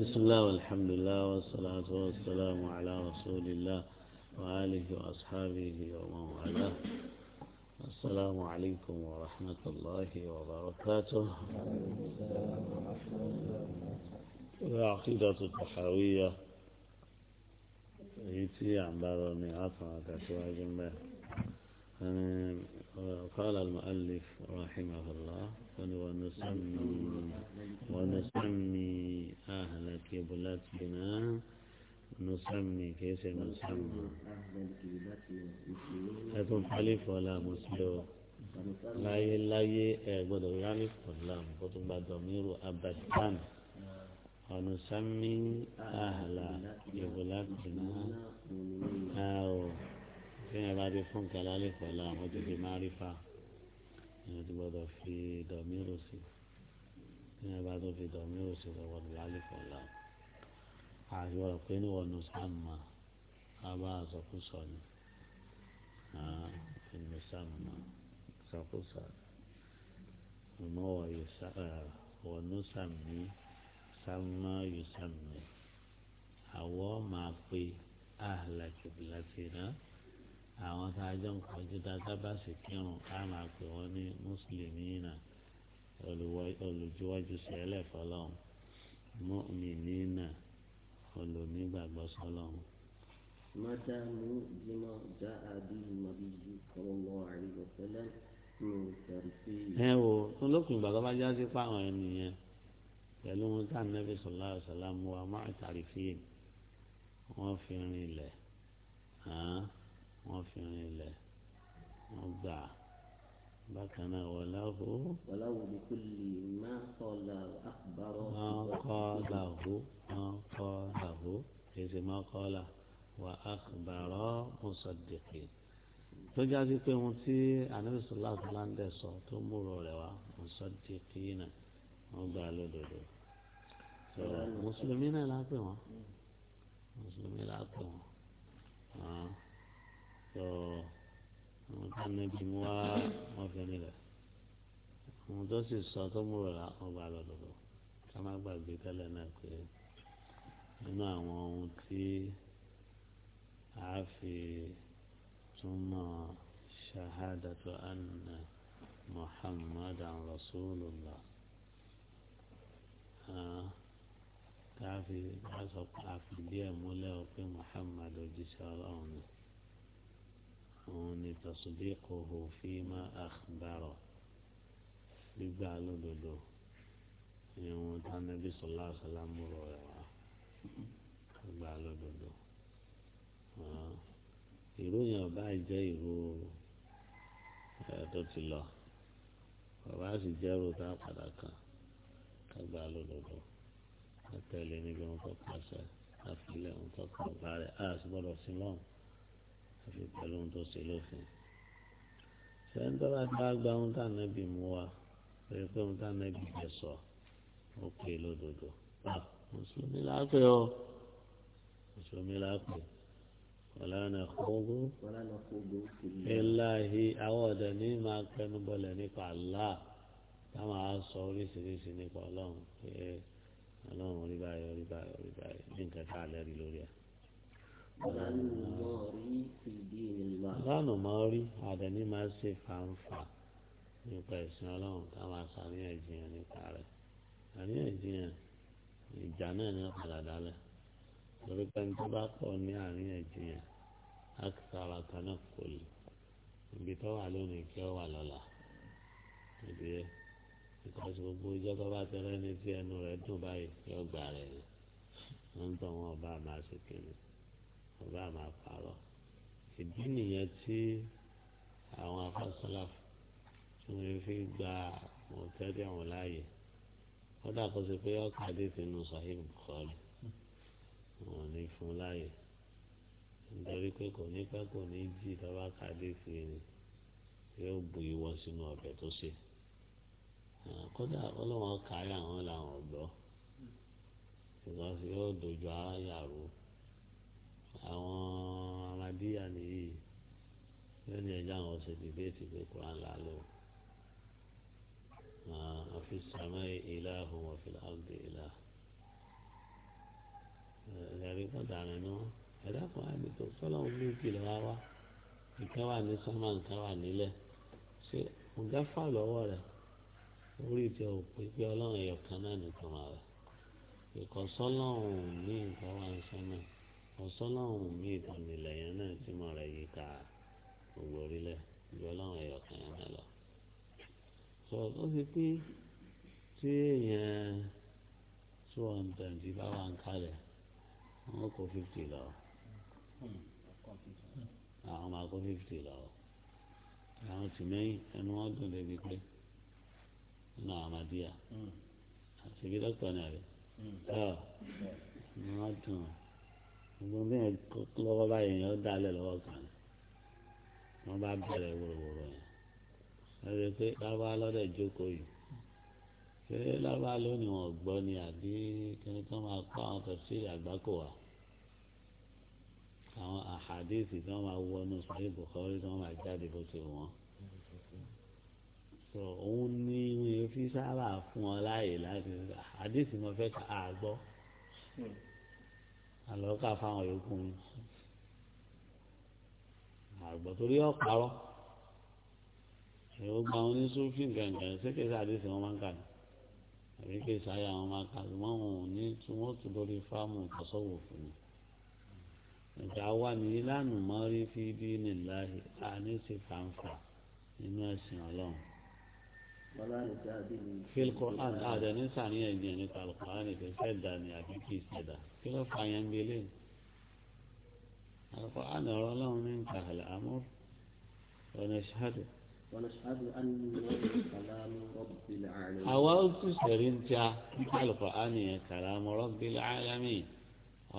بسم الله والحمد لله والصلاة والسلام على رسول الله وآله وأصحابه ومن والاه السلام عليكم ورحمة الله وبركاته العقيدة الطحاوية هي عبارة عن عطاء تسواج به قال المؤلف رحمه الله ونسمي ونسمي أهل قبلتنا نسمي كيف نسمى هتم حليف ولا مسلم láyé láyé ẹ gbọ́dọ̀ yálé pọlám kó tó gba dọmírù abadan ọ̀nà sami ahla ìbùlá tìǹà ààrùn téèyàn bá ti fún kẹlá lè pẹ̀lú àwọn tó fi máa rí fa èèyàn ti gbọ́dọ̀ fi dọ̀míìrò sí téèyàn bá tó fi dọ̀míìrò sí lọ́wọ́ tó lálẹ́ pẹ̀lú àwọn. àti wọ́n pé níwọ̀n nù sàmà abá àsọkúsọ ni nù sàmà àsọkúsọ ọmọ wọ̀ nù sàmì sàmà yù sàmì àwọ̀ máa pe àhàlà náà àwọn tá a jọ ń kọjú dáadáa bá sì kírun ká máa pè wọ́n ní mùsùlùmí náà olùjúwájú sí ẹlẹ́fọ́lọ́hún mọ́ọ̀mìnì náà olùnígbàgbọ́ sọlọ́hún. mata mu jimá já àbí màbíyí ọlọ́lọ́ àríwọ̀sẹ́lẹ̀ ní ìtàrífẹ́. ẹ wo olókùn ìgbà tó bá já sí fáwọn ènìyàn pẹ̀lú wọn tá nẹ́bí sọlá ọ̀sálàmù wa máa tàrífẹ́ wọn fi rin ilẹ̀ wọ́n fi rinlẹ̀ wọ́n gbà bákan náà wọláhó. wọláhó bí kò lè má kọ́lá àkùbárọ̀. wọ́n kọ́ làhó wọ́n kọ́ làhó èsì má kọ́lá wà àkùbárọ̀ mùsọ̀dẹ̀kì. tó jáde pé ohun tí anábìsọ̀lá àtúláńdẹ̀ sọ tó múrò rẹ̀ wá mùsọ̀dẹ̀kì náà wọ́n gbà lódodo. mùsùlùmí náà lápè wọ́n mùsùlùmí lápè wọ́n sọ àwọn tó níbi mú wá wọn fi nílẹ̀ àwọn tó sì sọ tó mú rọra wọn bá lọ lọ́dọ̀ ká má gbàgbé tẹ́lẹ̀ náà pé nínú àwọn ohun tí a fi túmọ̀ ṣahadatu anna muhammadan rasulullah káfí ká sọ pé àfi díẹ̀ ọ pé muhammad òjíṣẹ́ ọlọ́run ni òun ni tasdiquhu fima akhbara gbígbà lódodo ìwọ̀n tánàbí sọlá sàlámù rọ̀ ẹ̀ wá gbígbà lódodo ìròyìn ọba jẹ́ ìró tó ti lọ bàbá sì jẹ́ ròtá padà kan kágbà lódodo àtẹ̀lé níbi wọn tó pàṣẹ àfilẹ̀ wọn tó kàn bá rẹ̀ sí lọ́hùn àfi pẹ̀lú ohun tó ṣe lófin sẹ́yìn tó bá gbá gba ohun tá ànábì mú wa lórí pé ohun tá ànábì bẹ sọ ó pè lódodo mùsùlùmí lápè ọ mùsùlùmí lápè ọ̀lànà kógó ìláhi àwọn ọ̀dẹ̀ ní máa pẹnu bọlẹ̀ nípa Allah táwọn á sọ oríṣiríṣi nípa ọlọ́run pé ọlọ́run rí báyìí rí báyìí rí ní nǹkan tá lẹ́rìí lórí ẹ̀ lánàá máa rí àdání máa ṣe fàǹfà nípa ẹ̀sìn ọlọ́run ká máa ṣàníyànjiyàn nípa rẹ̀ àníyànjiyàn ìjà náà ní ọ̀padà dálẹ̀ torí pé ní tó bá pọ̀ ní àníyànjiyàn akitara kan náà kò lè ibi tó wà lónìí kí ó wà lọ́la ibi yẹn ìkọ́sí gbogbo ìjọ tó bá tẹ́lẹ̀ ní tí ẹnu rẹ̀ dùn báyìí kí ó gbà rẹ̀ ní ń tọ́ wọn ọba àmà ṣèkìrì kò bá máa parọ́ ìdí nìyẹn tí àwọn afásọlá tí wọ́n fi gba mọ̀tẹ́rì àwọn láàyè wọ́n dà kó sí pé ọ̀kadì ti nù sahib kọ́lù wọn ní fún láàyè nítorí pé kò ní pẹ́ kò ní jí lọ́wọ́ kadì fi ni yóò bu ìwọ sínú ọbẹ̀ tó ṣe kódà ọlọ́wọ́n kárí àwọn làwọn gbọ́ ìgbà tí yóò dojú ara yàrá àwọn amadíyà nìyí yóò ní ẹjọ́ àwọn ọ̀sẹ̀ dìbẹ́tì pé kuran là lò àfi sàmẹ́ ìlà ọ̀hún ọ̀fìn àbùdè ìlà ẹ̀rí kọ́ta rẹ̀ náà ẹ̀dá kan á nìtò sọ́lọ́hún ní ìkìlọ̀ wá wá nǹkan wà ní sánmà nǹkan wà nílẹ̀ ṣé ọ̀gá fà lọ́wọ́ rẹ̀ orí ti ò pé pé ọlọ́run ẹ̀yọ̀ kan náà nìkan wà rẹ̀ ìkọ̀sọ́lọ́hún ní nǹkan wà ní sánmà ọ̀sọ́nà ọ̀hún mí ìtàn nílẹ̀ yẹn náà tí mo rẹ̀ yí ká gbogbo orílẹ̀ ìjọ láwọn ẹ̀yọ̀ kan yẹn náà lọ. sọ ó ti pé tí èèyàn two hundred ti bá wà ń kalẹ̀ wọn kó fifty lọ àwọn máa kó fifty lọ àwọn tì mẹ́yìn ẹnu wọn dùn débi pé nínú àwọn àmàdíyà àti bí dókítà náà rẹ̀ hmm. ẹ̀ ẹ̀ ni wọ́n dùn ọ́ ọgbọ́n bí yẹn lọ́wọ́ báyìí yẹn ó dálẹ̀ lọ́wọ́ kan wọ́n bá bẹ̀rẹ̀ wòròwòrò yẹn wọ́n rí i pé lábá lọ́dẹ̀ jókòó yìí ṣé lábá lónìí wọn gbọ́ ni àbí kíni kí wọ́n máa kọ́ àwọn tẹ̀sí àgbákò wa àwọn àhàdíìsì tí wọ́n máa wọnú sáré bùkọ́rí tí wọ́n máa jáde bó ti wọ́n sọ òun ní wọn fi sábà fún ọ láàyè láti àhàdíìsì mo fẹ́ ká àgbọ́ àlọ́ kà fáwọn yòókù ni àgbọ̀ torí ọ̀parọ́ èrò gba àwọn oníṣòfin gàngàn sékèsè àdéhùn wọn máa ń kà ní àbí kéèsì ayé àwọn máa kà ní wọn ò ní tí wọn ti lórí fáàmù ìtọ́sọ́wò fún mi ìjà wa ní ìlànà mọ́rí fi bí nìláhi àní ti fàǹfà nínú ẹ̀sìn ọlọ́run. fílkọ́ àdàní sàníyàn jẹ́ nípa àlùkò ànìkẹ́sẹ̀ dání àbí kìí ṣẹ̀dá. kí ló fà yẹn bí lè àkọ́kọ́ àná ọ̀rọ̀ ọlọ́run ní nǹkan àlẹ́ àmọ́ ọ̀nà àwa ó sẹ̀rí ń yẹn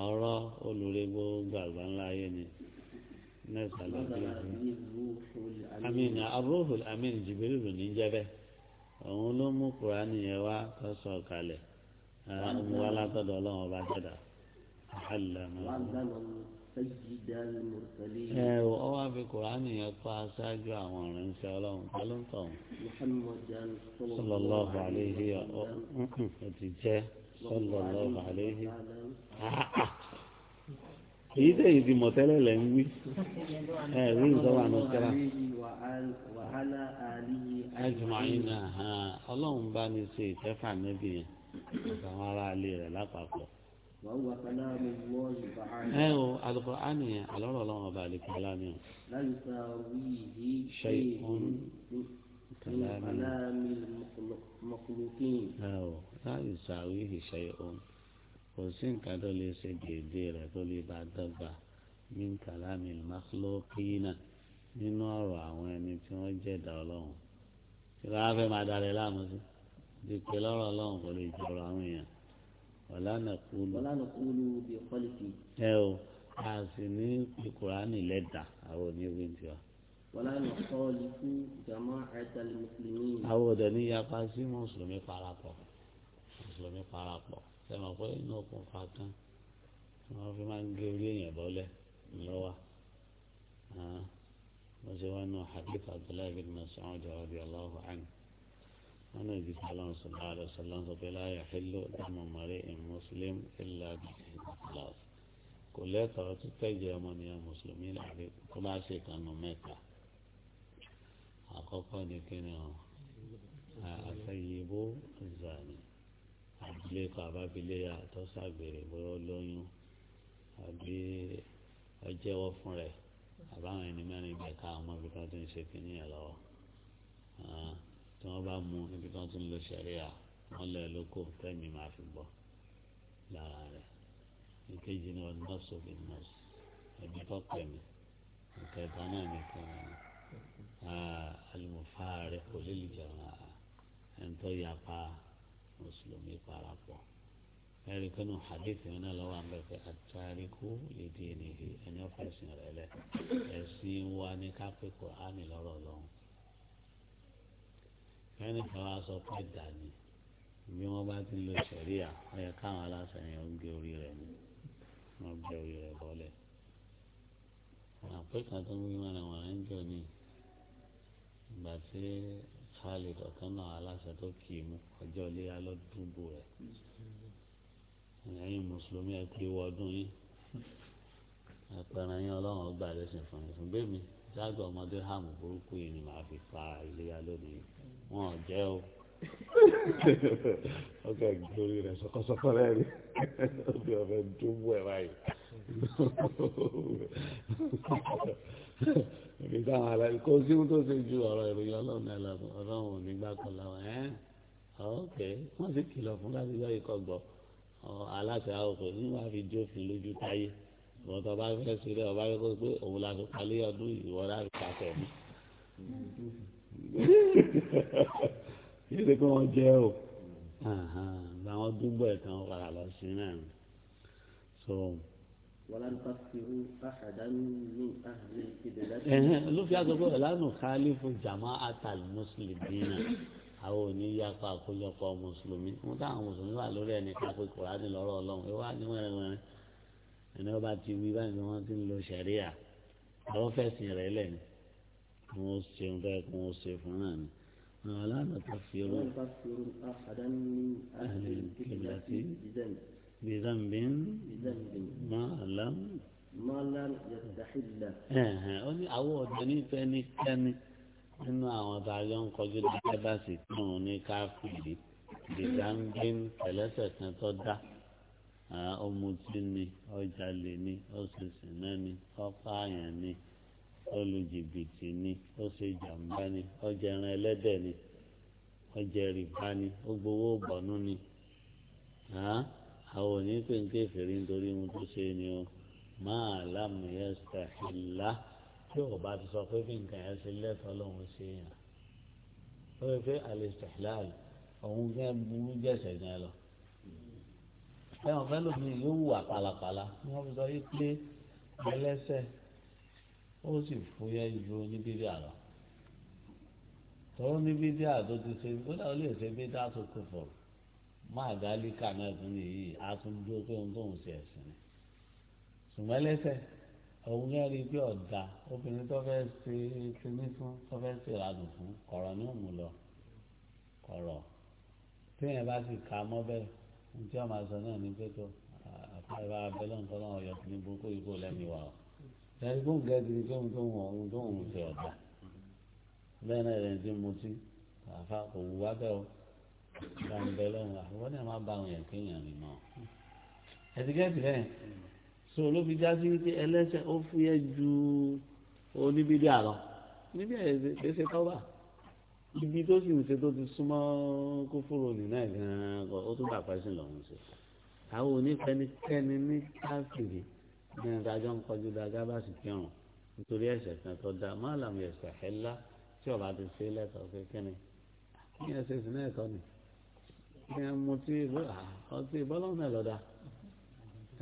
ọ̀rọ̀ olùrẹ́ gbogbo àgbà ńlá ayé ni amin amin ní jẹ́bẹ́ òun ló mú kúránì yẹn wá tó àwọn ọmọ wa látọ̀dọ̀ ọlọ́run ọba علم سيد المرسلين ẹ wọ́n fi kùránì yẹn pa aṣáájú àwọn ìrìnsẹ̀ ọlọ́run ta ló ń tọ̀ wọ́n ọ ti jẹ́ sallallahu alayhi وهو كلام الله تعالى ايوه القران على الله وبارك كلامه لا يساويه شيء كلام كلام المخلوقين ايوه لا يساويه شيء وسين كذا ليس جدير تولي بعد من كلام المخلوقين nínú ọ̀rọ̀ àwọn ẹni tí wọ́n jẹ̀dá ọlọ́run tí wọ́n á fẹ́ máa darẹ̀ láàmú sí ti pé lọ́rọ̀ ọlọ́run kò lè jọ̀rọ̀ àwọn èèyàn wàlá nàkúlù wàlá nàkúlù bí kọ́lìkì. ẹ o a sì ní kúránì lẹ́dà àwọn oníwèé ti wa. wàlá nàkọ́ọ̀lì fún jama àìsàlẹ̀ mùsùlùmí. àwọn ọ̀dọ́ ní yapa sí mùsùlùmí parapọ̀ mùsùlùmí parapọ̀ sẹ́wọ̀n pé inú okùn fa kan wọ́n fi máa ń gé orí èèyàn bọ́lẹ̀ ńlọ́wà wọ́n ṣe wá nù hadith abdullahi bin mas'ud radiyallahu anhu. أنا جيت كلام صلى الله عليه وسلم قال لا يحل دم امرئ مسلم إلا بالإخلاص كل ترى تتجه من يا مسلمين عليك كما شيء كانوا ميتا أقوى نكنا أسيبوا الزاني abúlé kan àbábílé àtọ́sàgbèrè bóyá olóyún àbí ọjẹ́wọ́ fún rẹ̀ àbáwọn ẹni mẹ́rin bẹ̀ka àwọn ọmọ ibi kan tó ń ṣe kínní ẹ̀ lọ́wọ́ tí wọ́n bá mú níbi tí wọ́n ti ń lo sẹ̀ríà wọ́n lẹ̀ lóko tẹ́mi máa fi bọ́ lára rẹ̀ ìkejì ni wọ́n nọ́ọ̀sì òbí nọ́ọ̀sì ẹbí tọ́pẹ̀ mi ìkẹta náà nìkan ni alimọ̀fá rẹ̀ kò lè lè jẹun àá ẹni tó yà pa mùsùlùmí parapọ̀ ẹ̀rí kanu hadith yẹn náà lọ́wọ́ àmọ́ ẹ̀fẹ́ àtàríkù lédè nìyí ẹni ọ̀fẹ́ sìn rẹ̀ lẹ̀ ẹ̀sìn wa ní kápẹ́kọ̀ á nì lọ́rọ̀ lọ́hùn kẹ́ni kan wá sọ pé dàní bí wọ́n bá ti lo sẹ̀ríà ó yẹ káwọn aláṣẹ yẹn ń gé orí rẹ̀ ni wọ́n bẹ orí rẹ̀ bọ́lẹ̀. àpéka tó ń gbé wọn àwọn ẹ̀ńjọ ni ìgbà tí Khalid ọ̀kan náà aláṣẹ tó kì í mú ọjọ́ iléyà lọ́dúnbù rẹ̀ ẹ̀yin mùsùlùmí ẹ pé wọ́ọ́dún yìí àpẹẹrẹ yín ọlọ́run ọgbà lẹ́sìn fún mi fún bẹ́ẹ̀ mi jágọ̀ ọmọdé hàmù burúkú yìí ni màá fi pa iléyà lónìí wọn ò jẹ́ o ọkọ̀ ìgbórí rẹ̀ sọ́kọ́sọ́kọ́ lẹ́rìí obì ọ̀fẹ́ dúró ẹ̀ báyìí ibi táwọn ará kó sí ohun tó ṣe ju ọ̀rọ̀ ìròyìn ọlọ́run náà lọ ọlọ́run ò ní gbà kan láwọn ẹ́ ok wọ́n sì kìlọ̀ fún láti gbọ́ ikọ̀ gbọ́ aláṣẹ àwọn òkè ní wàá fi jófin lójú táyé ìwọ́n tó bá fẹ́ ṣeré ọba fẹ́ kó pé òun la fi palẹ́ ọdún ìwọ́n láti pàṣẹ mi yìí ṣe pé wọ́n jẹ́ o làwọn dúgbò ẹ̀ kan padà lọ sí náà so. ló fi àgbẹ̀ bọ́ọ̀lù lánàá khalifu jama'at al-muslimina àwọn ò ní yá pa àkójọpọ̀ mùsùlùmí wọn táwọn mùsùlùmí wà lórí ẹni ká pé kùránì lọ́rọ̀ ọlọ́run ìwà ni wẹ́rẹ́ wẹ́rẹ́ ẹni wọ́n ti wí báyìí ni wọ́n ti ń lo sẹ̀ríà àwọn fẹ̀sìn rẹ̀ lẹ́nu wọn ó ṣe ń bẹ́ẹ̀ kí wọ́n ó ṣe fún náà ni. ولا نكفر أحدا من أهل القبلة بذنب ما لم ما لم يستحل ó ní àwọn ọ̀dọ́ ní fẹ́nikẹ́ni nínú àwọn tààjọ ń kọjú dáadáa bá sì kún un ní káfíìrì bìdáńgbín pẹ̀lẹ́sẹ̀ kan tó dá ọmọ tí ni ọjà lè ní ọ̀sẹ̀sẹ̀ náà ni ọ̀pá àyàn ni olùjìbìtì ni ó ṣe jàǹbá ni ọjà ẹran ẹlẹ́dẹ̀ ni ọjà rìbá ni ó gbowó bọ̀nú ni àwọn òní pé ń kéferì nítorí ohun tó ṣe ni o máa láàmú yẹn ṣàṣìlá tí ò bá ti sọ pé bí yẹn ṣe lẹ́tọ̀ọ́ lòun ṣe yàn ó rí pé àlè ṣàṣìlá rẹ̀ òun fẹ́ burú jẹ̀sẹ̀ yẹn lọ ẹ̀wọ̀n fẹ́ lómi yóò wà pàlàpàlà wọ́n fi sọ yí pé ẹlẹ́sẹ̀ ó sì fúyẹ́ ju oníbíbí àlọ́ tọ́wọ́ níbi bí àtò ti ṣe kódà ó lè ṣe bí dáàtò kò fọ̀ máa dálíkà náà tún nìyí a tún dúró pé ohun tóun ṣe ẹ̀sìn ni ṣùgbọ́n ẹlẹ́sẹ̀ òun yẹn rí bí ọ̀dà obìnrin tó fẹ́ ṣe kíní fún tó fẹ́ ṣe ìrànù fún kọ̀rọ̀ ní òun lọ kọ̀rọ̀ téèyàn bá sì ka mọ́ bẹ́ẹ̀ ohun tí wọ́n máa sọ náà ní pé àfáà ìbára bẹ́lẹ̀ nǹkan náà yọ ẹni tó ń gẹ́ gidi pé ohun tó ń wọ̀ ohun tó ń wọ̀ ṣe ọ̀dà bẹ́ẹ̀ náà ẹni tí mo ti àfa kò wù wá bẹ́ẹ̀ o bá ń bẹ lọ́run àwọn náà má ba àwọn yẹn kéèyàn rìn mọ́ ẹ̀dígẹ́tì bẹ́ẹ̀ so olóbi já sí wípé ẹlẹ́sẹ̀ ó fúyẹ́ ju oníbídí àlọ́ níbi ẹ̀ẹ́dẹ́sẹ̀ tọ́wà ibi tó sì ń ṣe tó ti súnmọ́ kófóró nì náà gan-an ó tún bàbá sí lọ́run ṣe àwọn onífẹ́nikẹ́ni ní káfíìrì ní ìdájọ́ ń kọjú dáadáa bá sì kírun nítorí ẹ̀ṣẹ̀ kan tó dáa má làm ẹ̀ṣẹ̀ ẹ̀lá tí ọba ti ṣe lẹ́tọ̀ọ́ pé kíni ní ẹ̀ṣẹ̀ sì náà ẹ̀tọ́ ni ní ẹmu tí ọtí bọ́lọ́mù ẹ̀lọ́dà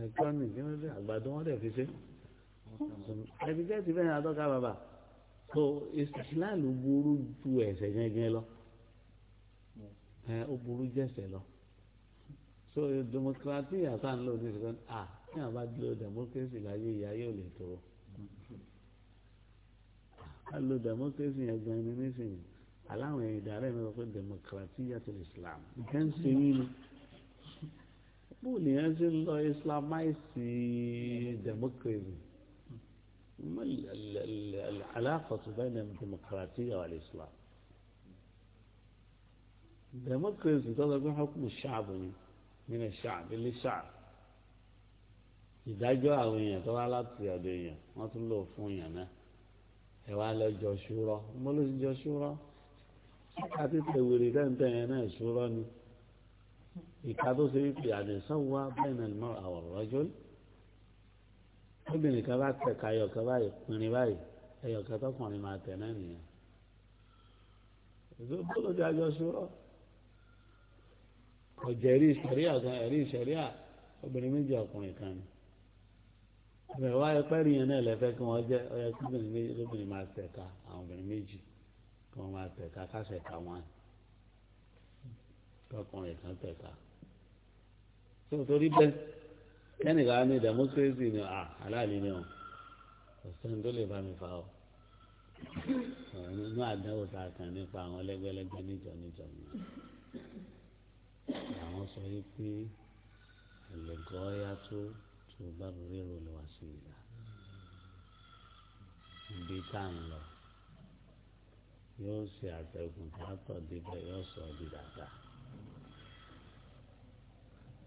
ẹ̀kọ́ ni kí ló dé àgbàdo wọn dẹ̀ fi ṣe ẹ̀dígẹ́tì bẹ́ẹ̀ adọ́ka bàbà tó ìsìláàlù burú ju ẹ̀ṣẹ̀ gẹ́gẹ́ lọ ó burú jẹ́ṣẹ̀ lọ so democracy àtàn lò ní ìsìláàlù ah tí àwọn bá dúró democracy láyé ìyá yóò lè tó a lo democracy yẹn gan ni nísìnyí aláwọn ẹ̀yìn ìdàrẹ́ mi sọ pé democracy yàtọ̀ Islam nǹkan ṣe yín ni bó ni yẹn ṣe ń lọ islamize democracy ما العلاقة بين الديمقراطية والإسلام الديمقراطية تطلق حكم الشعب من الشعب للشعب ìdájọ́ àwọn èèyàn tó wá láti ọ̀dọ̀ èèyàn wọ́n tún lò fún èèyàn náà ẹ wá lọ jọ ṣúrọ́ mo ló ti jọ ṣúrọ́ àti tẹ̀wèrè tẹ́ǹtẹ́ yẹn náà ṣúrọ́ ni ìka tó ṣe wípé àdìsán wá bẹ́ẹ̀ náà mọ́ àwọ̀rọ̀ ọjọ́ obìnrin kan bá tẹ̀ka ẹyọ̀kan báyìí pinrin báyìí ẹyọ̀kan tọkùnrin máa tẹ̀ náà nìyẹn bó ló ti àjọ ṣúrọ́ ọ̀jẹ̀ rí ìṣẹ̀ríà obìnrin méjì ọkùnrin kan ni ìbẹ̀rẹ̀ wá yẹ pẹ́ẹ́rì yẹn náà lẹ́fẹ́ kí wọ́n jẹ́ ọyẹ kí lóbìnrin máa tẹ̀ka àwọn obìnrin méjì kí wọ́n máa tẹ̀ka kásẹ̀ka wọn tọkùnrin kan tẹ̀ka. tó torí bẹ́ẹ̀ kẹ́nìkan ní democracy ni à aláàlí ni ọ ọ̀sẹ̀ tó lè bá mi fa ọ nínú àdánwò tá a kàn nípa àwọn lẹ́gbẹ́lẹ́gbẹ́ níjọ níjọ ni àwọn sọ yìí pé ẹ̀lẹ́gọ́ yá tó tubarriru alwasila bí tá à ń lọ yóò ṣe àtẹ̀gùn látọ̀ débẹ̀ yóò sọ ọ́ di dáadáa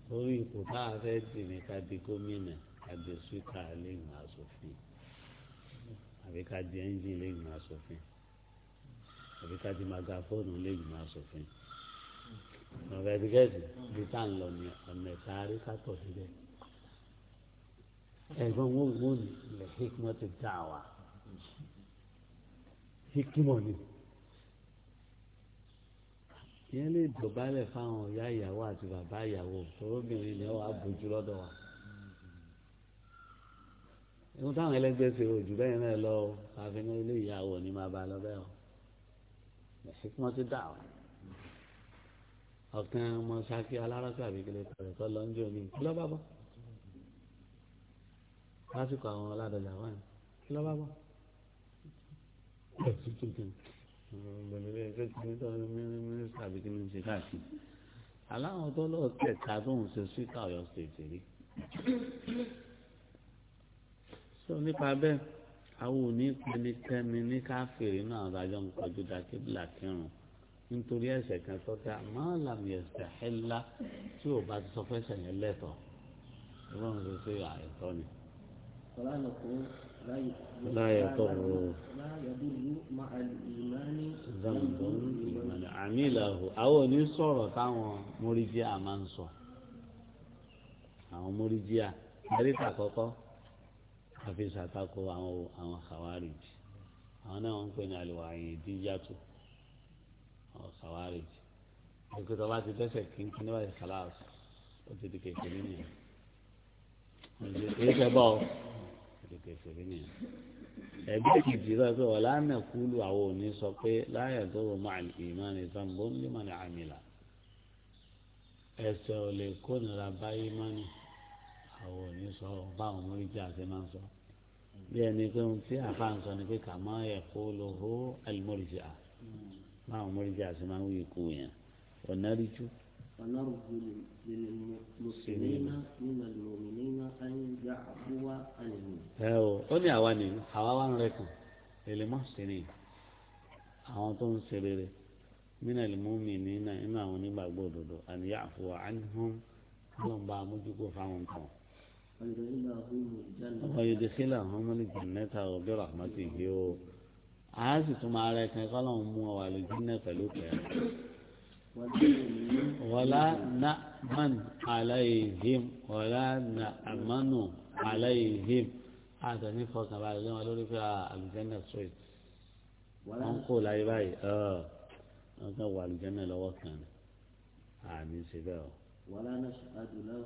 lórí ipò náà fẹ́ dì ní ká di gómìnà ká di síkà lẹ́yìn asòfin àbí ká di ẹ́ńjìn lẹ́yìn asòfin àbí ká di magafóònù lẹ́yìn asòfin ọ̀rẹ́ ẹ̀dígẹ́sì bí tá à ń lọ ní ọ̀nà ẹ̀ta àríkàtọ̀ débẹ̀ ẹ̀gbọ́n wọn ò ní ilẹ̀ hikmọ́ ti dá wa hikmọ́ ni yẹn lè dọ̀bálẹ̀ fáwọn ìyá ìyàwó àti bàbá ìyàwó tòróbìnrin ni wọ́n á bójú lọ́dọ̀ wa ìwọ́n táwọn ẹlẹ́gbẹ́ ṣe òjò bẹ́ẹ̀ náà lọ àfihàn ilé ìyàwó ni máa bá lọ bẹ́ẹ̀ o hikmọ́ ti dá wa ọ̀kan ọmọ sákì alárọ́sàbí kìlẹ̀ tọ̀rẹ̀ tọ́ lọ́njọ́ ní kí lọ́ bá bọ́ lásìkò àwọn ọládọjà wà ní kí ló bá bọ. ni ṣe káàkiri aláwọn tó lọ tẹ̀ka tó ń ṣe síkà Ọ̀yọ́ ṣèṣe rí. sọ nípa bẹ́ẹ̀ àwọn òní pẹnikẹ́ni ní káfíìrì náà adájọ́ ń kọjú dákébìlà kírun nítorí ẹ̀ṣẹ̀ kan tó dá máa làmì ẹ̀ṣẹ̀ ẹ̀la tí ò bá ti sọ fẹsẹ̀ yẹn lẹ́tọ̀ọ́ ìwọ́n ń ṣe ṣe àìtọ́ ni. فلا يكون لا يضر لا يضر مع الإيمان ذنب لمن عمله àwọn ní sọ̀rọ̀ táwọn mọ́rídíà máa ń sọ àwọn mọ́rídíà mẹ́rìtà kọ́kọ́ àfi ṣàtakò àwọn àwọn kàwárìjì àwọn náà wọ́n ń pè ní àlùwàyè díyàtò àwọn kàwárìjì ẹ̀kọ́ tó bá ti dẹ́sẹ̀ kínkín níwájú kàláàsì ó ti di àti kẹfìrí nìyẹn ẹgbẹ́ kejì sọ pé wọ́n lánà kúlù àwọn òní sọ pé láyà dọ́rọ̀ máa ní ìmánì sanbó ní mọ̀nà àmìlà ẹsẹ̀ ò lè kó nira bá ìmánì àwọn òní sọ báwọn mórí jẹ́ àti máa ń sọ bí ẹni pé ohun tí àfa ń sọ ni pé kà máa yẹ kó lo hó àlùmọ́rìjà báwọn mórí jẹ́ àti máa ń wí ikú yẹn ọ̀nà ríjú. فنرجو للمسلمين من المؤمنين أن يعفو عن المسلمين. ó ní àwa ni àwa wà ń rẹkùn èlèmọ́sìnì àwọn tó ń ṣe rere nínú ìlúmọ́mì nínú àwọn onígbàgbọ́ òdodo àni ya'fu anhum ló ń bá amójúkó fáwọn kan. wọ́n yóò dèkílà àwọn ọmọ ní jannata òbí rahmatihi o. a sì tún máa rẹ̀ kan kọ́ lóun mú ọ wà lójú náà pẹ̀lú pẹ̀lú. ولا نأمن عليهم ولا نأمن عليهم هذا نفوق بعد اليوم قالوا لي فيها الجنة سويت ونقول أي باي آه نقول الجنة لو كان آمين سبعه ولا نشهد له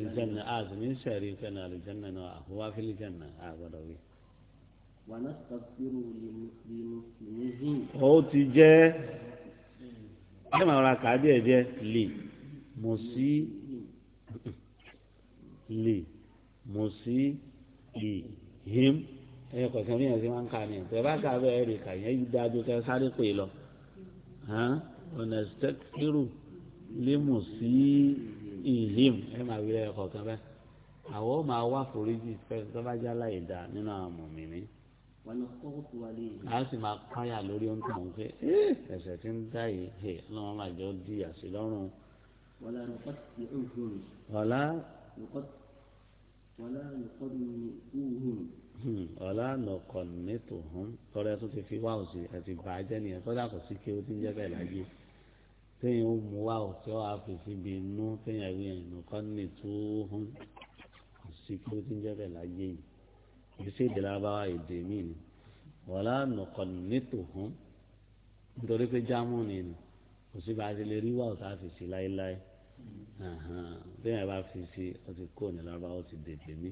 الجنة آمين شريك أنا الجنة هو في الجنة أبدا ونستغفر لمسلمين هو تجاه ẹ máa ra kà díẹ̀ díẹ̀ lè mọ̀ sí lè mọ̀ sí ìhìm ẹ̀yẹ kọ̀ọ̀kan ní ẹ̀sìn máa ń kà ní ẹ̀tẹ̀ bá kà bẹ́ẹ̀ rè kà yẹn yí dájú kẹ́ sáré pè lọ ọ̀nà sẹ́kírù lè mọ̀ sí ìhìm ẹ máa wí ẹ̀yẹ kọ̀ọ̀kan bẹ́ẹ̀ àwọn máa wá foríjì fẹ́ tó bá já láì nínú àwọn mọ̀mí ni a sì máa káyà lórí ohun tó mọ̀ pé ẹsẹ̀ tí ń dá yìí lọ́wọ́ máa jọ di àṣì lọ́rùn. wàlá nùkọ́tì ọ̀hún. wàlá ọ̀la nọ̀kọ̀ nítò hàn tọ́lá tó ti fi wáhùn sí àti bàájẹ́ nìyẹn tọ́lá kò sí kí ó ti ń jẹ́ bẹ́ẹ̀ láyé téèyàn ó mú wáhùn tí ó fi síbi inú téèyàn rí ẹ̀ nọ̀kọ̀ nítò hàn kò sí kí ó ti ń jẹ́ bẹ́ẹ̀ láyé yìí kìí ṣe èdè lábáwá èdè míì ni wọ́lá nùkọ̀n nítòhún nítorí pé jámù ni ni kò sí bá a ti lè rí wà ọ̀tá fi sí láéláé bẹ́ẹ̀ bá fi sí ọ ti kó ní lábáwá ó ti dèdè mí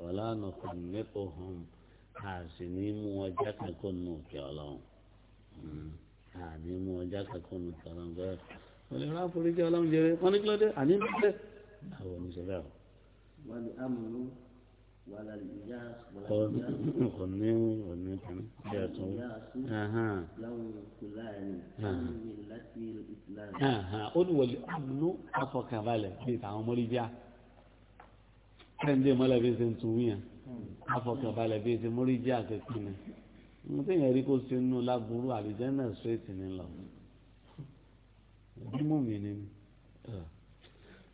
wọ́lá nùkọ̀n nítòhún a sì ní mú ọjà kankan nù kí ọlọ́run àní mú ọjà kankan nù kí ọlọ́run bẹ́ẹ̀ wọ́n lè rà foríjì ọlọ́run jẹrẹ wọ́n ní kí ló àní bẹ́ẹ̀ wọ́n ní àmúlò kɔni kɔni kɔni bɛɛ tun o de wali abulo a fɔ kaba lɛ bi k'an mɔridiya fɛn den mɔlɛ bi se tun yan a fɔ kaba lɛ bi se mɔridiya kɛ kini n tɛ yɛrɛ ko se nu la buru a bi jɛn mi ni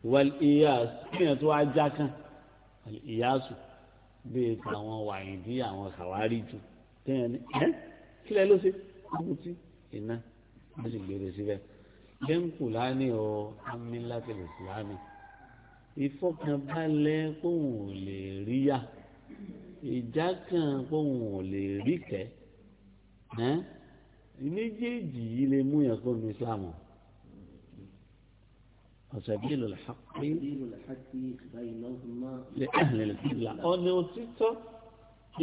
wali iya fiɲɛ to a ja kan wali iya su bíi àwọn wàyíǹdí àwọn kàwárí jù téèyàn ní ẹ́ kílẹ̀ ló ṣe ọmọ tí iná wọ́n sì gbèrè e síbẹ̀ bẹ́ńkù láni o amílátìlẹ̀ ìsìlámì ìfọkànbalẹ̀ pòun ò lè rí yá ìjà kan pòun ò lè rí kẹ́ ẹ́ méjèèjì yìí lè mú yẹn kó nu islam o. وسبيل الحق لأهل القبلة أنا وتيتو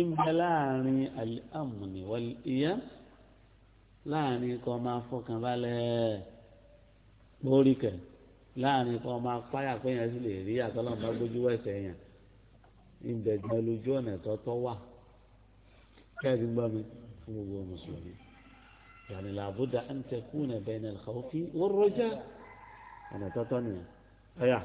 ìmọ̀láàrin àmùnì wọ̀lìyá láàrin kan máa fọkàn balẹ̀ lórí kẹ̀ láàrin kan máa páyà péyàn sì lè rí àtọ́lọ́mọ bá gbójú wẹ̀sẹ̀ yẹn ìbẹ̀gbọ́n lójú ọ̀nà tọ́tọ́ wà kẹ́ẹ̀dín gbọ́ mi fún gbogbo mùsùlùmí yàrá làbúdà ń tẹkùn ẹ̀bẹ̀ ní al-khawfi war-raja' ọ̀nà tọ́tọ́ nìyẹn ọ̀yà.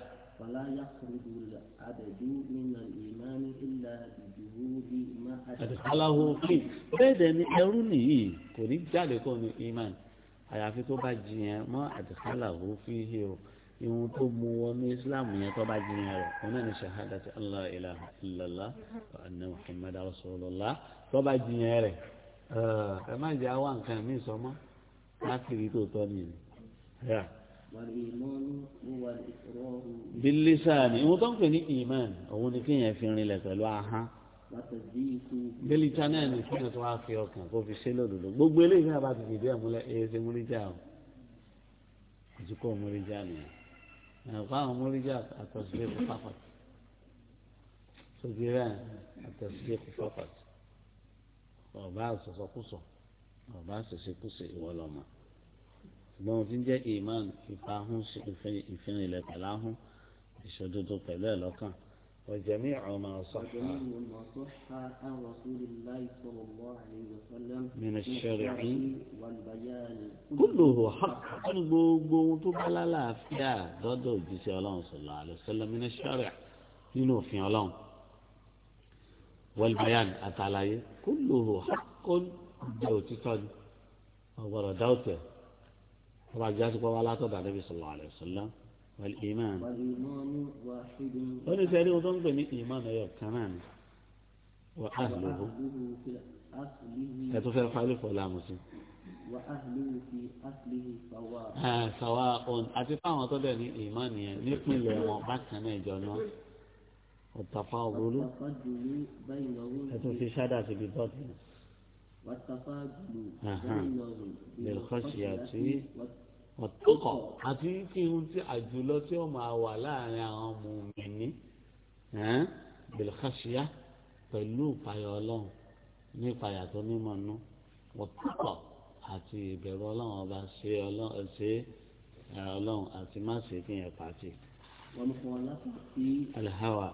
فلا يخرج العبد من الإيمان إلا بجهود ما أدخله فيه bẹ́ẹ̀ dẹ̀ ni ẹrú nìyí kò ní jáde kó ní iman àyàfi tó bá jiyàn mọ́ adkhalahu fihi o ìwọ̀n tó mú wọnú islam yẹn tó bá jiyàn rẹ̀ wọn náà ní shahadati allah ilaha illallah wa anna muhammad rasulullah tó bá jiyàn rẹ̀ ẹ má jẹ́ àwọn nǹkan mi sọ mọ́ láti rí tó tọ́ nìyẹn bilisaani ìwọ tó ń pè ní iman òun ni kéèyàn fi rinlẹ̀ pẹ̀lú ahán bilisaani ẹni kéèyàn tó wá fi ọkàn kó fi ṣe lòdòdó gbogbo eléyìí náà bá ti fìdí ẹ̀ múlẹ̀ ẹ̀ ṣe múríjà o àti kó múríjà nìyẹn ẹ̀kọ́ àwọn múríjà àtọ̀sílẹ̀ kò pápá sókè rẹ̀ kò pápá ọba àṣọṣọkùsọ ọba àṣọṣẹkùsọ ìwọlọmọ ṣùgbọ́n ohun tí ń jẹ́ iman ìfahun ìfinrinlẹ̀ pẹ̀láhun ìṣòdodo pẹ̀lú ẹ̀ lọ́kàn ọ̀jẹ̀mí ọ̀mà ọ̀sọ́fà mìnìṣẹ̀rìhìn kúlòhò hàkà wọ́n ní gbogbo ohun tó bá lálàáfíà lọ́dọ̀ òjíṣẹ́ ọlọ́run sọ̀lá àlùsọ́lá mìnìṣẹ̀rìhìn nínú òfin ọlọ́run wẹ́lbáyàn àtàlàyé kúlòhò hàkà ó jẹ́ òtítọ́ ni ọ̀gbọ̀rọ̀ dáútẹ̀ ọba jásíkọ́ wa látọ̀dọ̀ àdébí sọ̀rọ̀ àlẹ́ sọ̀lá wàlí ìmáà ó ní sẹ́ni tó ń pè ní ìmáà ẹ̀yọ̀ kan náà ni wà á lòó ẹ̀ tó fẹ́ falẹ̀ fọ́ láàmú sí. sàwa ọ̀n àti fáwọn tó dẹ̀ ní ìmáà nìyẹn nípìnlẹ̀ wọn bákan náà ìjọ náà ọ̀tàfà ògbólú ẹ̀ tó fi ṣáda síbi dọ́ọ̀tì. والتفاضل بين الخشية ọ̀tọ́kọ̀ àti kí n ti àjùlọ tí ó máa wà láàrin àwọn ọmọ mi ní bìlìkàṣíà pẹ̀lú ìpayọ̀ ọlọ́run ní ìpayà tó nímọ̀ nú ọ̀tọ́kọ̀ àti ìbẹ̀rù ọlọ́run ọba ṣe ọlọ́run àti má ṣe kí yẹn pàtì. alihawa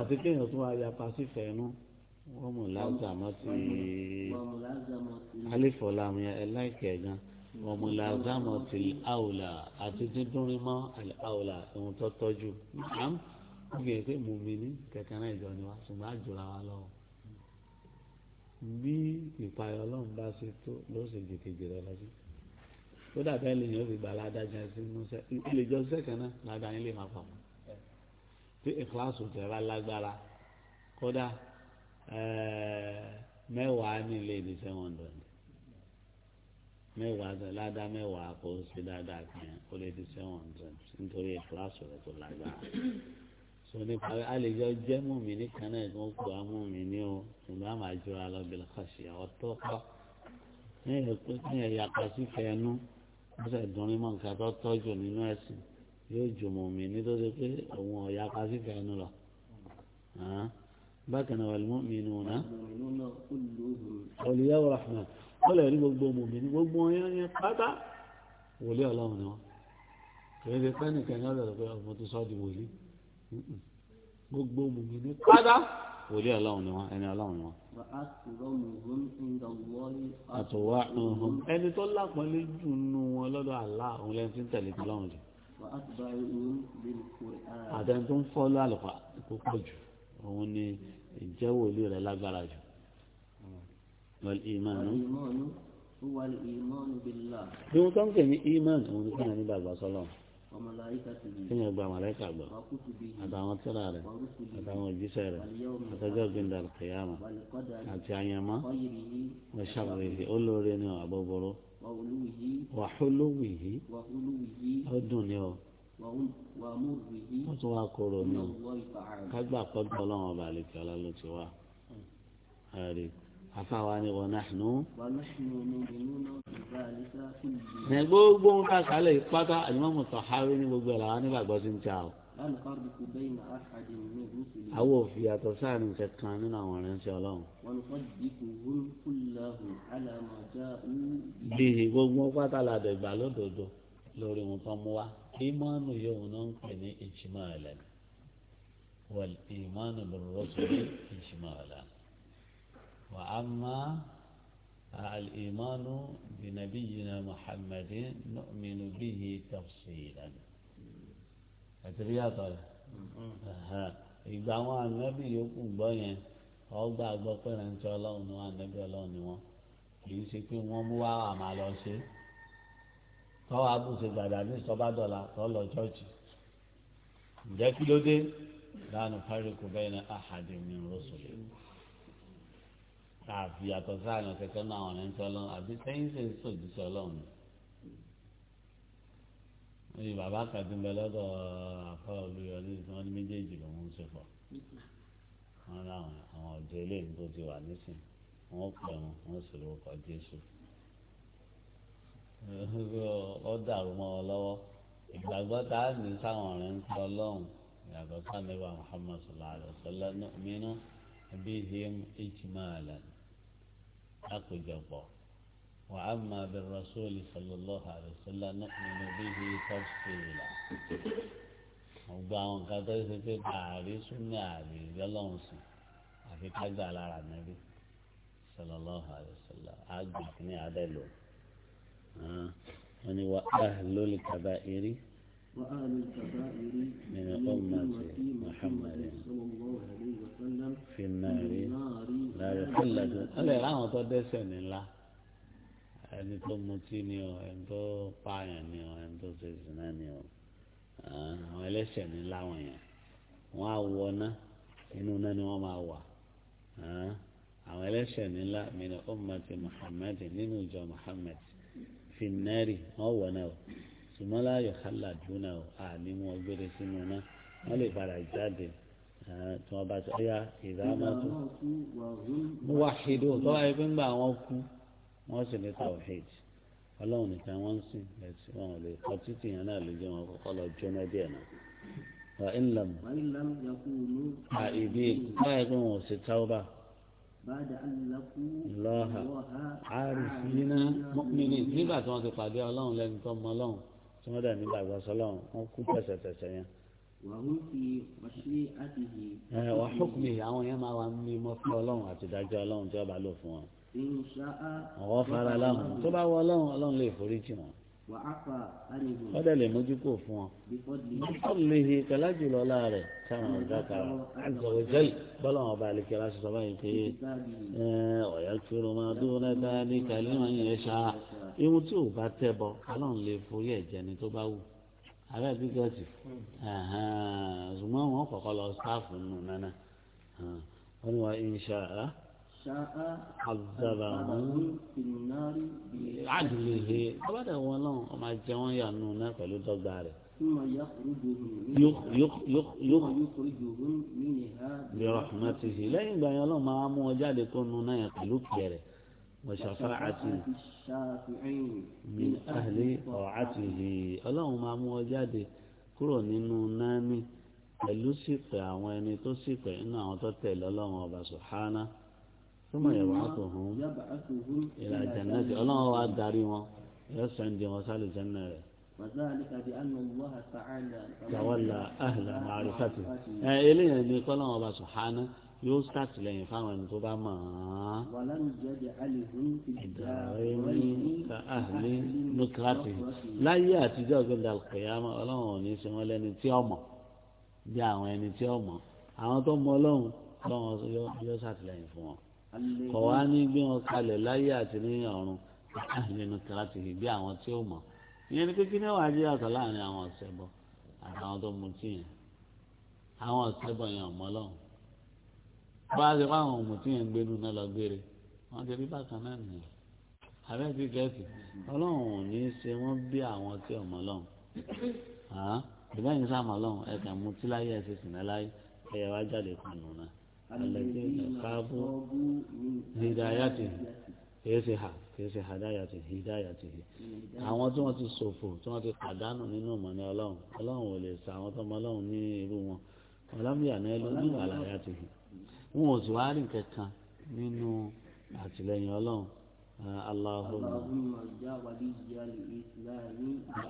àti kí yẹn tún wá ya pàṣẹ fẹ́ẹ́nu wọ́n mú làzàmọ́ sí i alifọ̀làmù yẹn ẹ̀ láìkẹ́ gan وملازمة الأولى أتجدون ما الأولى المتطجو نعم وكيف مؤمنين ككنا يجوني واسمع جرى الله bí ìpayọ Ọlọ́run bá ṣe tó ló ṣe jìkejì rẹ lọ sí tó dàbẹ lè yàn ó fi gbà ládájà sí múṣẹ ilé ìjọsẹ kan náà ládàá yín lè má pamọ́ tí ìkíláàsì tẹ bá lágbára kódà eh, mẹ́wàá ní ilé ìdíṣẹ mẹ́wàá sẹ ládàá mẹ́wàá kò sí dáadáa kan ó lè di seven hundred nítorí ìfúláṣọ rẹ tó lágbára so nípa a lè jọ jẹ́ mùmí ní kanáà kí wọ́n kó amúmi ní o ìgbà máa jọra lọ bí lọ́kàṣì ọ̀tọ́ kọ́ ní ẹ̀yà pàṣí fẹ́ẹ́nu wọ́n sẹ̀ dùn ní mọ̀ nǹkan tó tọ́jú nínú ẹ̀sìn yóò jù mùmí nítorí pé òun ọ̀yà pàṣí fẹ́ẹ́nu lọ bákan náà wal-mu'minuna awliya'u rahman wọ́n lè rí gbogbo mùmínì gbogbo yẹn yẹn pátá wòlé ọlọ́run ni wọ́n kìí ṣe pẹ́ẹ́nì kẹ́ni ọ̀dọ̀ pé ọmọ tó sọ́ di wòlé gbogbo mùmínì pátá wòlé ọlọ́run ni wọ́n ẹni ọlọ́run ni wọ́n. àtọ̀wá ẹni tó lápọ̀lé jù nù wọn lọ́dọ̀ àlá òun lẹ́ni tí ń tẹ̀lé ti lọ́run jù àtẹni ń fọ́ lálùpàá òun ni ìjẹ́wò ilé rẹ̀ lágbára jù wọ́n ìmánu. bí wọ́n tó ń pè ní ìmánu òun ni kíyàn ní bàbá sọ́lọ́ kíyàn gba màláìka gbọ́ àtàwọn tírà rẹ̀ àtàwọn òjíṣẹ́ rẹ̀ àtọ́jọ́ gbẹ̀ndà kìyàmà àti àyànmọ́ wọ́n ṣàwòrán olóore ni àbọ̀bọ̀rọ̀ wàhálówìhí ọdún ni ọ wọ́n tún wá kóró ní kágbà pọ́ńtò ọlọ́run ọba àlejò ọlá ló ti wá ẹ̀rí afáwa ni wọn náà nù. ní gbogbo ń ká kálẹ̀ pátá àdìmọ́mù tọ̀hárí ní gbogbo ẹ̀ làwọn nígbàgbọ́ sí ń ta o. àwọn òfin yàtọ̀ sáàrin kankan nínú àwọn ìrìnsẹ̀ ọlọ́run. bíi gbogbo pátá la dẹ̀gbà lódodo lórí wọn tó mú wa ìmánu yóò náà ń pè ní ìjìmá ẹlẹni wọl ìmánu lórí rọṣù ní ìjìmá ẹlẹni wà á má الإيمان بنبينا محمد نؤمن به تفصيلا أتريا طال ìgbà àwọn ànábì yòókù gbọ́ yẹn ọgbà gbọ́ pé rẹ̀ ń tọ́ ọlọ́run ni wọ́n ànábì ọlọ́run ni wọ́n kì í ṣe pé wọ́n mú wá àmà lọ ṣe é tọ́wọ́ abúṣe gbàdá ní sọ́bádọ́là tọ́lọ̀ chọ́ọ̀chì ǹjẹ́ kí ló dé láàánú fáríkù bẹ́ẹ̀ ní àhàdì ní rọ́sùlẹ̀ àfi àtọ̀ sáàyàn kẹ̀kẹ́ náà wọn ẹni tí ọlọ́run àbí sẹ́yìn sì ń sòjúṣe ọlọ́run ní bàbá kàdúmbẹ lọ́dọ̀ àfọ́ olùyọrí tí wọ́n ní méjèèjì lòún ń ṣe pọ̀ wọ́n láwọn àwọn ọ̀jọ́ ilé ìgbó ti wà nísìn wọ́n pẹ̀ wọ́n wọ́n sì lórúkọ Jésù ọ dàrú mọ́ ọ lọ́wọ́ ìgbàgbọ́ tá a ní sáwọn ọ̀rẹ́ ń tọ́ lọ́hùn yàtọ̀ sànẹ́wà Muhammad sallallahu alayhi wa sallam mínú bíhìm ijmalan àkójọpọ̀ wà á máa bẹ rasúlì sallallahu alayhi wa sallam mínú bíhì tafsila. gbogbo àwọn nǹkan tó ṣe pé ààrí súnmọ́ ààrí ìjọlọ́hùn sí àfi ká lára nàbí sallallahu alayhi wa sallam àgbà ní adẹ́lò wọ́n ní wa ahlul kaba'iri min ummati muhammadin fi nari láyé fúnlẹ̀dùn. wọ́n lè ráwọn tó dẹ́ṣẹ̀ nílá ẹni tó mutí ni o ẹni tó pààyàn ni o ẹni tó ṣe zina ni o àwọn ẹlẹ́ṣẹ̀ nílá wọn yẹn wọ́n á wọ náà inú náà ni wọ́n máa wà àwọn ẹlẹ́ṣẹ̀ nílá min ummati muhammadin nínú ìjọ muhammad. في النار هو نو náà لا ṣùgbọ́n láàyò عالم dúnà o àní wọn gbére ثم بعد wọ́n lè padà jáde tí wọ́n bá ti ọ̀yà ìdámọ́tò wà ṣèdó tó wáyé pé ńgbà wọn kú wọ́n sì ní tawhid ọlọ́run nìkan wọ́n ń sìn lẹ́sìn wọn lè kọ́ títì yẹn náà lójú wọn kọ́kọ́ lọ jóná díẹ̀ náà wà ń lọ́mù àìbí báyìí pé wọn ò ṣe táwọn báyìí. بعد أن لقوا الله عارفين مؤمنين nígbà tí wọ́n ti pàdé Ọlọ́run lẹ́ni tó mọ Ọlọ́run tí wọ́n dẹ̀ nígbà ìgbàsọ Ọlọ́run wọ́n kú pẹ̀sẹ̀pẹ̀sẹ̀ yẹn. wà á fún mi àwọn yẹn máa wà ní mọ́fí Ọlọ́run àti ìdájọ́ Ọlọ́run tí wọ́n bá lò fún wọn. àwọn fara láwọn tó bá wọ Ọlọ́run Ọlọ́run lè foríjì wọn wọ́n dẹ̀ lè mójú kò fún ọ. bíkọ́lìhì kẹlá jùlọ láàrẹ̀ káwọn ọ̀gá kàrọ̀ àgbọ̀wọ̀ jẹ́lì bọ́lá wọn bá àlekè láti sọ báyìí pé ọ̀yà kúrò máa dúró lẹ́ta ní kàlí wọn yẹn ṣá irun tí ò bá tẹ́ bọ ọlọ́run lè forí ẹ̀jẹ̀ ni tó bá wù abẹ́ bí gẹ̀ẹ́sì ṣùgbọ́n wọn kọ̀kọ́ lọ sáàfù nù nánà wọn ni wọn ń ṣe àzàbàmù àdìlèhe abádà wọn náà náà pẹ̀lú dọ́gba rẹ̀. lẹ́yìn ìgbà yẹn ọlọ́run máa mú ọ jáde tó nu náà yẹn pẹ̀lú kẹrẹ wọ̀ṣàfà àti àlẹ́ ọ̀hátìhì ọlọ́run máa mú ọ jáde kúrò nínú náà ní pẹ̀lú sípè àwọn ẹni tó sípè nínú àwọn tó tẹ̀lé ọlọ́run ọba súnmọ́ ìwà tó hàn ìlà jannati ọlọ́run wa darí wọn yóò sẹ́ndì wọn sálì jẹ́nà rẹ̀. tawalla ahla ma'rifati ẹ eléyìí ni kọ́lọ́run ọba sùhánà yóò sàtìlẹ́yìn fáwọn ẹni tó bá mọ̀ án. ìdàrí ka ahli nukrati láyé àtijọ́ gbẹ̀dẹ̀ alqiyama ọlọ́run ò ní sọ wọn lẹ́ni tí ọmọ bí àwọn ẹni tí ọmọ àwọn tó mọ ọlọ́run ọlọ́run yóò sàtìlẹ́yìn fún wọn kọ̀ wá ní gbé wọn kalẹ̀ láyé àti ní ọ̀run ah, nínú tìrátìkì bí àwọn tí ó mọ̀ ìyẹn ni kékeré náà wàá jẹ́ àtọ̀ láàrin àwọn ọ̀sẹ̀bọ àtàwọn tó mutí yẹn àwọn ọ̀sẹ̀bọ yẹn ọ̀mọ́ lọ́hùn bá a ṣe fún àwọn mutí yẹn gbénu náà lọ gbére wọ́n ti rí bákan náà nìyẹn àbẹ́ ti gẹ̀ẹ́sì ọlọ́run ò ní í ṣe wọ́n bí àwọn tí ọ̀mọ́ lọ́hùn ìbẹ́yìn sáà mọ́ lọ́hùn ẹ̀ka mutí láyé ẹ̀ṣẹ̀ sìn الذين خابوا هدايته kìí ha kìí hadayati hidayati àwọn tí wọn ti ṣòfò tí wọn ti pàdánù nínú ìmọ̀ni ọlọ́run ọlọ́run ò lè sa àwọn tọmọ ọlọ́run ní irú wọn ọlámìyà náà ló ní àlàyàtì wọn ò sì wá kankan nínú àtìlẹyìn ọlọ́run aláhùnmá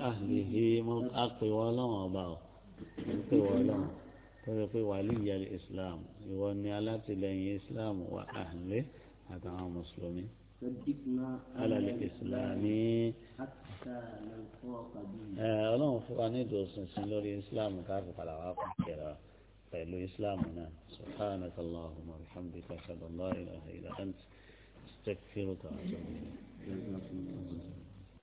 àhìhì mo àpè wọn ọlọ́run ọba ọ àpè wọn ọlọ́run sọ́dọ̀ pé wàlíyà islam ìwọ ni alátìlẹyìn islam wà áhìnlẹ́ àtàwọn mùsùlùmí. alàlẹ́ ìsìlámì. ẹ ọlọ́run fún wa ní ìdòsínsìn lórí islam káàkiri padà wà kún kẹrẹ pẹ̀lú islam náà subhanak allahumma alhamdulilayi wa sallallahu alayhi wa sallam. استغفرك واتوب اليك